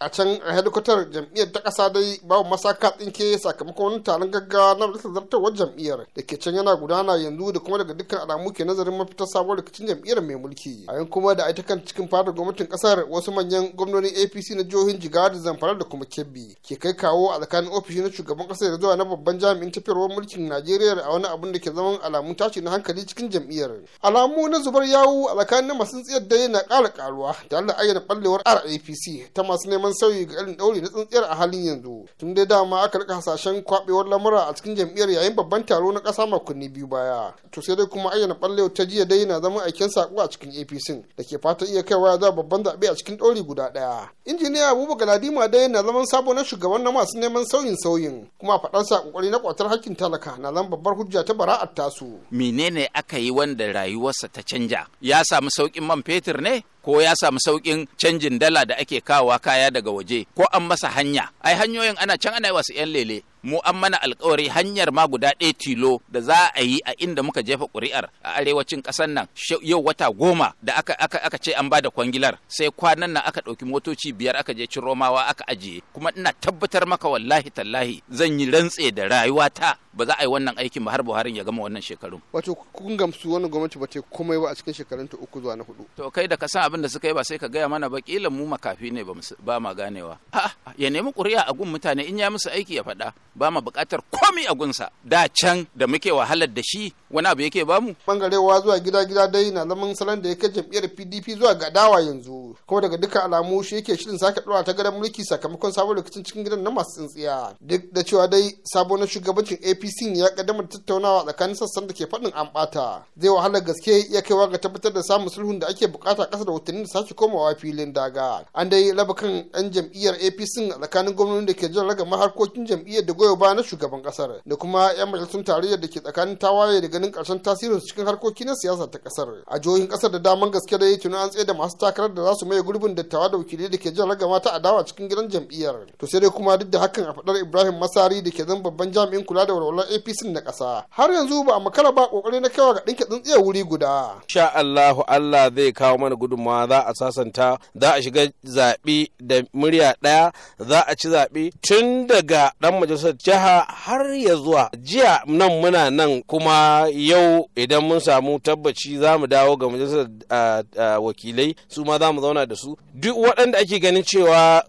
a can a hedikwatar jam'iyyar ta ƙasa dai babu masaka ɗinke sakamakon wani taron gaggawa na majalisar zartarwar jam'iyyar da ke can yana gudana yanzu da kuma daga dukkan alamu ke nazarin mafitar sabuwar rikicin jam'iyyar mai mulki a yan kuma da aita kan cikin fadar gwamnatin ƙasar wasu manyan gwamnonin apc na jihohin jigawa da zamfara da kuma kebbi ke kai kawo a tsakanin ofishi na shugaban ƙasar da zuwa na babban jami'in tafiyarwar mulkin najeriya a wani abun da ke zaman alamun tashi na hankali cikin jam'iyyar alamu na zubar yawu a tsakanin masu tsiyar dai na ƙara ƙaruwa da da ayyana ɓallewar rapc ta masu neman neman sauyi ga irin dauri na tsintsiyar a halin yanzu tun dai dama aka rika hasashen kwabewar lamura a cikin jam'iyyar yayin babban taro na ƙasa makonni biyu baya to sai dai kuma ayyana ɓallewa ta jiya dai na zama aikin sako a cikin apc da ke fata iya kaiwa za babban zaɓe a cikin ɗauri guda ɗaya injiniya abubakar galadima dai na zaman sabo na shugaban na masu neman sauyin sauyin kuma faɗarsa kokari na kwatar hakkin talaka na zama babbar hujja ta bara'ar tasu menene aka yi wanda rayuwarsa ta canja ya samu sauƙin man fetur ne ko ya samu sauƙin canjin dala da ake kawa kaya daga waje ko an masa hanya ai hanyoyin ana can ana yi wasu 'yan lele mu an mana alkawari hanyar ma guda ɗaya tilo da za a yi a inda muka jefa ƙuri'ar a arewacin ƙasar nan yau wata goma da aka aka aka ce an bada kwangilar sai kwanan nan aka ɗauki motoci biyar aka je cin romawa aka ajiye kuma ina tabbatar maka wallahi tallahi zan yi rantse da rayuwata ba za a yi wannan aikin ba har Buhari ya gama wannan shekarun. Wato kun gamsu wani gwamnati ba ta komai ba a cikin shekarun ta uku zuwa na hudu. To kai da ka san abin da suka yi ba sai ka gaya mana ba kila mu makafi ne ba ma ganewa. A'a ya nemi ƙuri'a a gun mutane in ya musu aiki ya faɗa. ba mu buƙatar komai a gunsa da can da muke wahalar da shi wani abu yake bamu bangarewa zuwa gida gida dai na zaman salon da ya kai jam'iyyar pdp zuwa ga dawa yanzu kuma daga duka alamu shi yake shirin sake dora ta gadon mulki sakamakon sabon rikicin cikin gidan na masu tsintsiya duk da cewa dai sabo na shugabancin apc ya kaddama da tattaunawa tsakanin sassan da ke faɗin an bata zai wahala gaske iya kaiwa ga tabbatar da samun sulhun da ake bukata ƙasa da watanni da sake komawa filin daga an dai laba kan yan jam'iyyar apc a tsakanin gwamnonin da ke jan ragama harkokin jam'iyyar da goyo baya na shugaban kasar da kuma yan majalisun tarayyar da ke tsakanin tawaye daga ganin karshen tasirin cikin harkoki na siyasa ta kasar a jihohin kasar da daman gaske da ya an tsaye da masu takarar da za su maye gurbin dattawa da wakilai da ke jan ragama ta adawa cikin gidan jam'iyyar to sai dai kuma duk da hakan a faɗar ibrahim masari da ke zan babban jami'in kula da walwalar apc na kasa har yanzu ba a makara ba ƙoƙari na kaiwa ga ɗinke tsintsiyar wuri guda. sha allahu allah zai kawo mana gudunmawa za a sasanta za a shiga zaɓe da murya ɗaya za a ci zaɓe tun daga ɗan majalisar jiha har ya zuwa jiya nan muna nan kuma yau idan mun samu tabbaci za mu dawo ga majalisar wakilai su ma za mu zauna da su duk waɗanda ake ganin cewa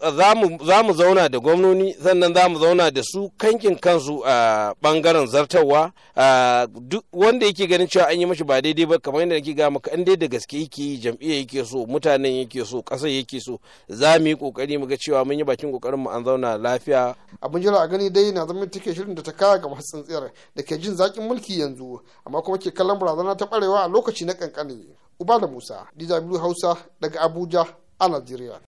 za mu zauna da gwamnoni sannan za mu zauna da su kankin kansu a ɓangaren zartarwa duk wanda yake ganin cewa an yi mashi ba daidai ba kamar yadda nake gama ka dai da gaske yake yi jam'iyya yake so mutanen yake so ƙasar yake so za mu yi ƙoƙari mu ga cewa mun yi bakin ƙoƙarin mu an zauna lafiya abin jira a gani dai na zama take shirin da ta kaya ga masu tsintsiyar da ke jin zaƙin mulki yanzu amma kuma ke kallon barazana ta barewa a lokaci na kankane Uba da Musa, DW Hausa daga Abuja a Najeriya.